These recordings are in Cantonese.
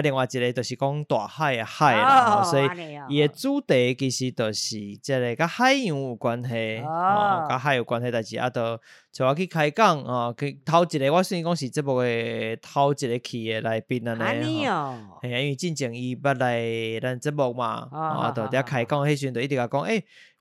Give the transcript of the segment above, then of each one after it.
另外一個就是講大海的海啦，哦、所以伊的主題其實就是即個跟海洋有關係、哦哦，跟海有關係，但是啊，就找我去開講啊，去頭一個，我先講是節目嘅頭一個去的來賓啊，係、哦嗯、因為進前伊捌來咱節目嘛，哦哦、啊，就啲開講迄時陣就一直講，哦嗯、哎。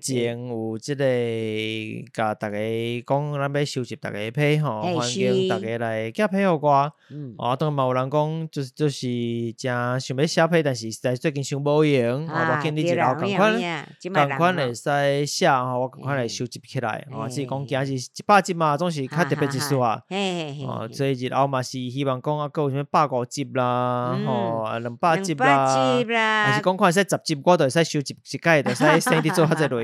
正有即個甲逐個講，咱欲收集逐個的批，歡迎逐個來寄批互我吼。當然嘛有人講，就是就是真想要寫批，但是實在最近傷無閒。我建議日後共款共款會使寫吼，我共款來收集起來。我只講今仔日一百集嘛，總是較特別幾數啊。哦，這一日後嘛是希望講啊閣有啥物百五集啦，啊兩百集啦，還是講會使十集，我都會使收集幾雞，都使先啲做較濟類。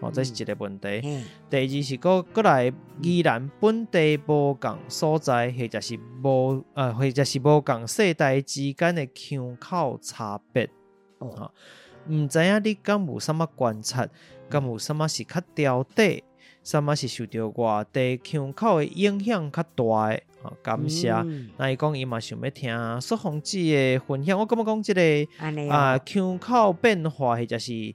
哦，這是一個問題。第二、嗯、是佢過來宜蘭本地無共所在，或、呃、者是無誒，或者是無共世代之間的腔口差別。毋、哦哦、知影你咁有什麼觀察，咁有什麼是較掉底，嗯、什麼是受掉外地腔口的影響較大。啊、哦，感謝。嗱、嗯，你講，伊嘛想要聽蘇宏志嘅分享，我感覺講，即個啊，腔、啊啊、口變化，或者、就是。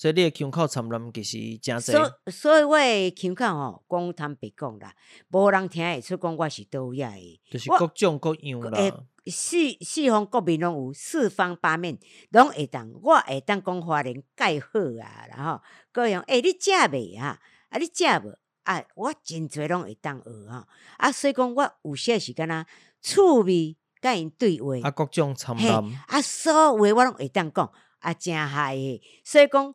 所以你嘅腔口參亂，其實真儕。所所以我嘅腔口吼，講坦白講啦，無人聽會出。講我是多樣嘅，就是各種各樣啦。欸、四四方各面攏有四方八面，攏會當。我會當講華人介好啊，然後各用誒，你食未啊？啊，你食無？啊，我真儕攏會當學吼。啊，所以講我有時是敢若趣味甲因對話。啊，各種參亂。啊，所有我攏會當講，啊，真害嘅。所以講。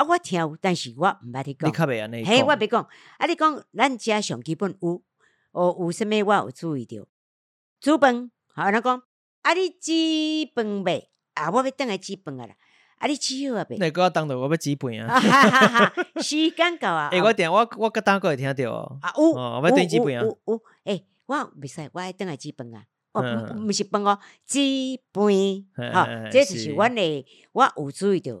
啊，我聽有，但是我毋捌你講。你較會嘿，我別講，啊，你講、啊，咱遮上基本有，哦，有甚物我有注意到煮飯，好、啊，那講，啊，你煮飯未？啊，我欲倒來煮飯啦，啊，你煮好啊未？你個等到我要煮飯啊，啊，啊，啊，啊！時間到、， 欸、時到啊！誒、哦，我點、欸，我我個等佫會聽得哦。啊，唔唔唔唔，誒，我唔使，我倒來煮飯啊，唔毋、嗯、是飯哦，煮飯。吼，這就是阮嘞，我有注意到。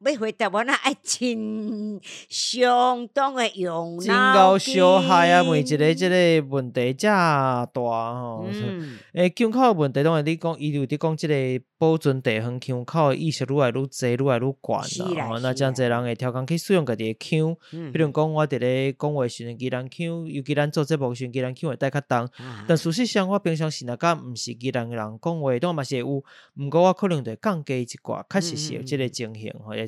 要回答阮那、嗯、一盡相當嘅用腦勁。真夠小啊！問一個這個問題，誠大吼。誒呵、腔口、嗯欸、問題，當你講一路，你講這個保存地方腔口，的意識愈來愈濟，愈來愈懸啊。哦、啊那誠濟人會刁工去使用家己的腔。比如講，我佇咧講話基隆腔，尤其咱做節目基隆腔會帶較重。啊、但事實上，我平常時咧，佮唔是基隆的人講話，都嘛是有。唔過我可能就降低一寡，確實是即個情形。嗯嗯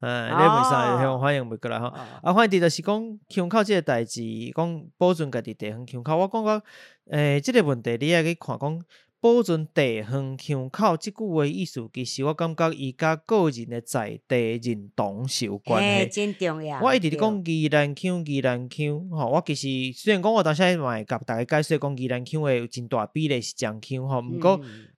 誒，嗯嗯、你唔使向歡迎唔過來吼。哦、啊，歡迎啲就是講腔口即個代志，講保存家己地方腔口。我感覺誒，即、呃這個問題你愛去看講保存地方腔口即句話意思，其實我感覺伊佮個人誒在地認同是有關係，真重要。我一直咧講宜蘭腔宜蘭腔，吼對、哦。我其實雖然講我當時係甲逐個解釋講宜蘭腔誒有真大比例是漳腔、哦，吼，毋過、嗯。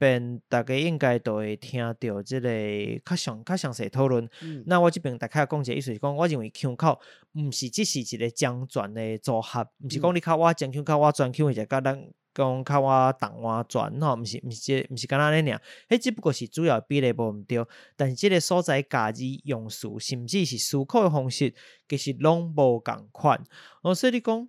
便大家應該都會聽到這比，即個較詳較詳細討論。嗯、那我這邊大概講一下意思，是講我認為腔口唔是只是一個將轉的組合，唔、嗯、是講你靠我將腔靠我轉腔，或者是講靠我台灣轉，吼、哦，唔是、唔是、唔是，干那呢？誒，只不過是主要比例不唔對，但即個所在價值、用詞，甚至是思考的方式，其實攏無同款。我、哦、所以講。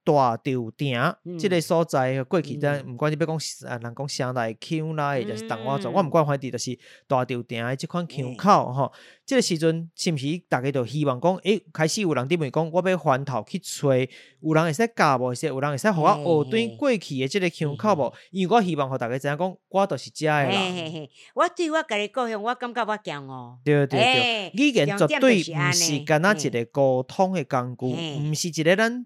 大吊燈，即個所在過去，的唔管你要講，人講城內橋啦，或者是同安做，我唔管反地，就是大吊燈，即款橋口吼，即個時陣，是不是大家都希望講？哎，開始有人在問講，我要翻頭去找，有人會使教，無，有人會使互我學對過去嘅即個橋口無，因為我希望互大家知影，我都是遮嘅啦。我對我家己我感覺我行哦。對對對，語言絕對唔是干焦一個溝通嘅工具，唔是一個人。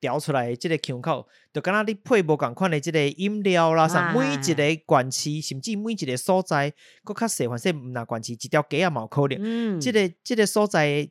調出來即個腔口，就跟那啲配無同款的即個飲料啦，上每一個縣市，甚至每一個所在，佮較習慣說唔拿縣市一條街也冇可能。即、嗯，這個即、這個所在。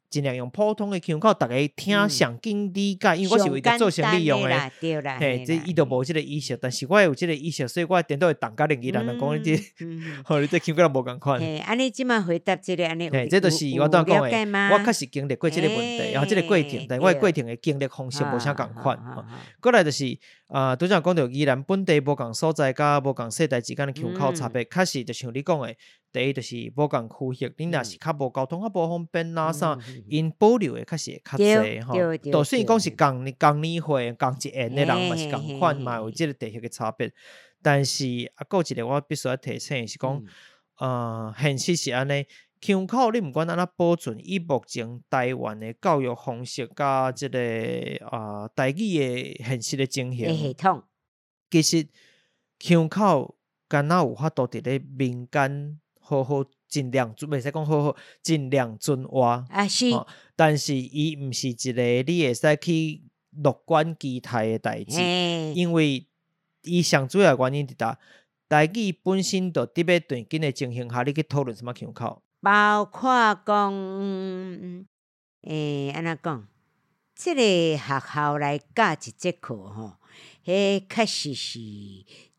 盡量用普通的腔口，逐個聽上近理解，因為我是為着做生理用的。嘅，即係伊着無即個意識，但是我有即個意識，所以我點都會逐家練字，但係講呢啲，好你啲腔口無共款。安尼即滿回答即個安尼，誒，即係都是我拄則講的，我確實經歷過即個問題，然後即個過程，但我嘅過程嘅經歷方式無啥共款。過來就是，啊，拄則講着雖然本地無共所在，甲無共世代之間嘅腔口差別，確實就像你講嘅，第一就是無共區域，你若是較無交通，較無方便，拉薩。因保留嘅確實較儕，吼，著算講是共日、共年會共一,一,一,一的人，你人嘛，是共款嘛，有即個地域嘅差別。但是啊，閣一個我必須要提醒，就是講、嗯、呃，現實是安尼，腔口你毋管安怎保存，伊目前台灣嘅教育方式甲即個啊，台語嘅現實嘅情形，實嘿嘿其實腔口敢若有法度佇咧民間好好。盡量準備，使講好好盡量準話啊是、哦，但是伊唔是一個你，你會使去樂觀期待嘅代志，因為伊上主要原因就答，代志本身都特別對緊嘅情形下，你去討論什麼情況，包括講，誒安那講，即、這個學校來教一節課吼，迄確實是。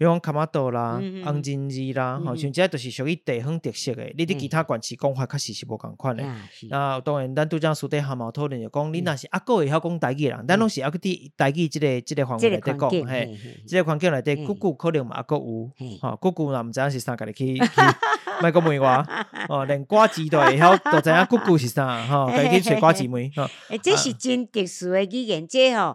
比如講卡馬多啦、紅金雞啦，吼，像即個著是屬於地方特色誒。你佇其他縣市講法確實是無共款嘅。啊當然，咱拄則私底下嘛有討論着講，你若是啊閣會曉講台語人，咱攏是啊閣佇台語，即個即個環境在講，嘿，即個環境內底姑姑可能嘛啊閣有，吼，姑姑若毋知影是啥家己去去，賣閣問我哦，連瓜子都會曉，都知影姑姑是啥吼。家己去揣瓜子問吼，誒，這是真特殊嘅語言，即吼。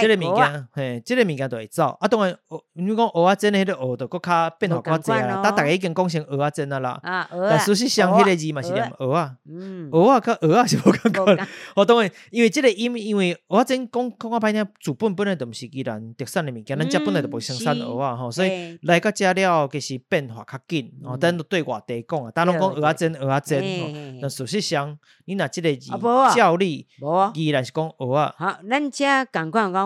即個物件，嘿，這個物件都會走。啊，當然，你講蚵仔煎彼個蚵就佫較變化較濟啦。但大家已經講成蚵仔煎啦。但事實上彼個字嘛是念蚵仔，蚵仔佮蚵仔是無共款。啊，當然，因為即個因因為蚵仔煎講講較歹聽，祖本本來就毋是伊人，特產的物件，咱家本來就冇生產蚵仔吼，所以來個加料，佮是變化較緊。哦，等於對外地講啊，但攏講蚵仔煎，蚵仔煎吼。但事實上，你拿即個字叫你，佢來是講蚵仔，好，咱家講講講。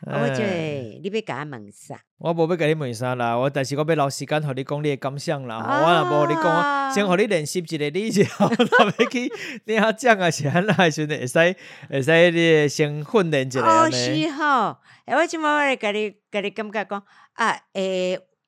唉我唔要，你甲我問啥？我無要甲你問啥啦，我但是我要留時間互你講你嘅感想啦，啊、我若無互你講，我先互你練習一下。你就好啦。 以以你要講、哦、啊，先係先會使，使你先訓練一下。老師好，我即滿我會甲你甲你感覺講，啊誒。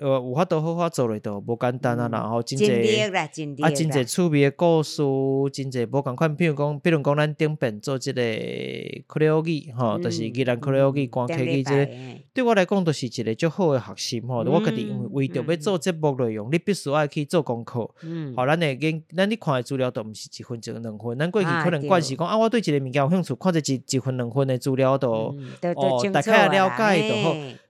有法度好好做無簡單真儕趣味嘅故事，真儕無共款。比如講，比如講，咱頂邊做一個科技，哈，是個人對我來講，就是一個足好嘅學習。我決定為着要做節目內容，你必須愛去做功課。咱會跟咱你看嘅資料都唔是一分一兩分，咱過去可能慣勢講我對一個物件有興趣，看一一分兩分嘅資料都哦，大概了解就好。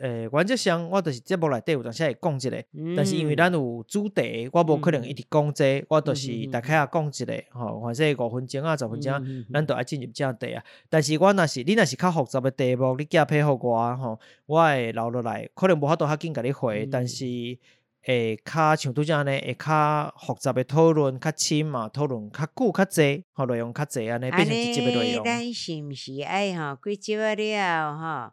誒，原則上我著是節目內底有陣時會講一個，嗯、但是因為咱有主題，我無可能一直講這，我著是大概下講一個，吼，反正五分鐘啊、十分鐘，咱著愛進入正題啊。但是我若是你若是較複雜嘅題目，你加配合我，吼，我會留落來，可能無法度較緊甲你回。嗯、但是誒，欸、較像拄則安尼誒，會較複雜嘅討論，較深嘛，討論較久較濟吼，內容較多安尼變成一集嘅內容。咱是唔是哎吼，歸結了吼。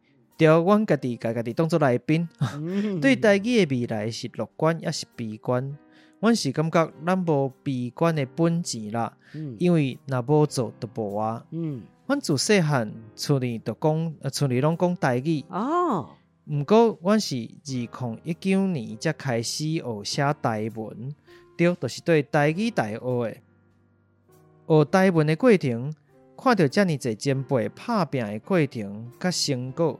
對，阮家己家己當作來賓， 對台語嘅未來是樂觀，抑是悲觀？阮是感覺，咱無悲觀嘅本錢啦，嗯、因為那無做就沒，嗯、都無啊。嗯，阮自細漢，村裏都講，村裏攏講台語。哦，毋過，阮是自一九年才開始學寫台文，對，就是對台語大學誒。學台文嘅過程，看到遮爾多前輩拍拼嘅過程甲成果。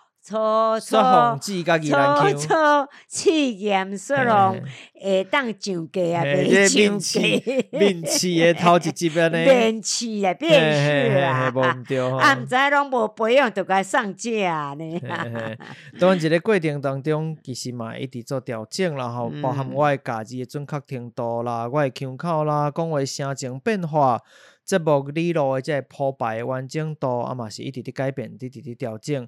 初初初初，試驗說謊，下當粗嘿上架啊，面試面試也頭一集啊？呢？面試啊，面試啊！啊，唔知攏無培養，都該上架啊？呢？當一個過程當中，其實嘛一直做調整啦，吼，包含我嘅價值嘅準確程度啦，我嘅腔口啦，講話嘅聲情變化，節目線路嘅即個鋪排嘅完整度啊嘛，是一直的改變，一直的調整。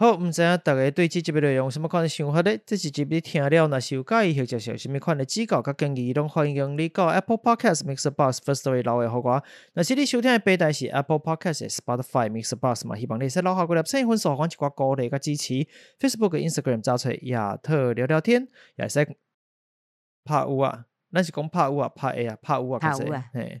好毋知影逐個對呢集節內容有乜嘢看法咧？呢一集你聽了，嗱，有介意或是係什麼款的指教、跟建議，都歡迎你到 Apple Podcast Mix、er Bus、MixerBox、Firstory 攞嘅好啩。嗱，是你收聽嘅平台是 Apple Podcast、Spotify、MixerBox、er、嘛？希望你喺樓下嗰日先去分享一寡鼓勵加支持 Facebook Instagram,、Instagram，找出來亞特聊聊天，也是拍有啊？咱是講拍有啊，拍誒啊，拍有啊，拍有啊，能